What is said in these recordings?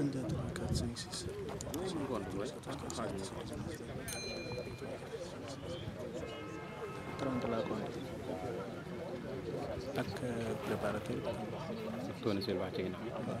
1, a 3, 4, a 6, 30 laa compté ak préparateur bi. tourné seen wax ci ginnaaw. waaw.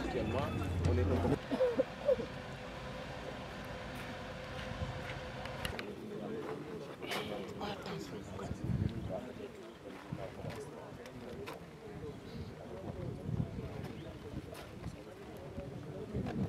Actuellement, on est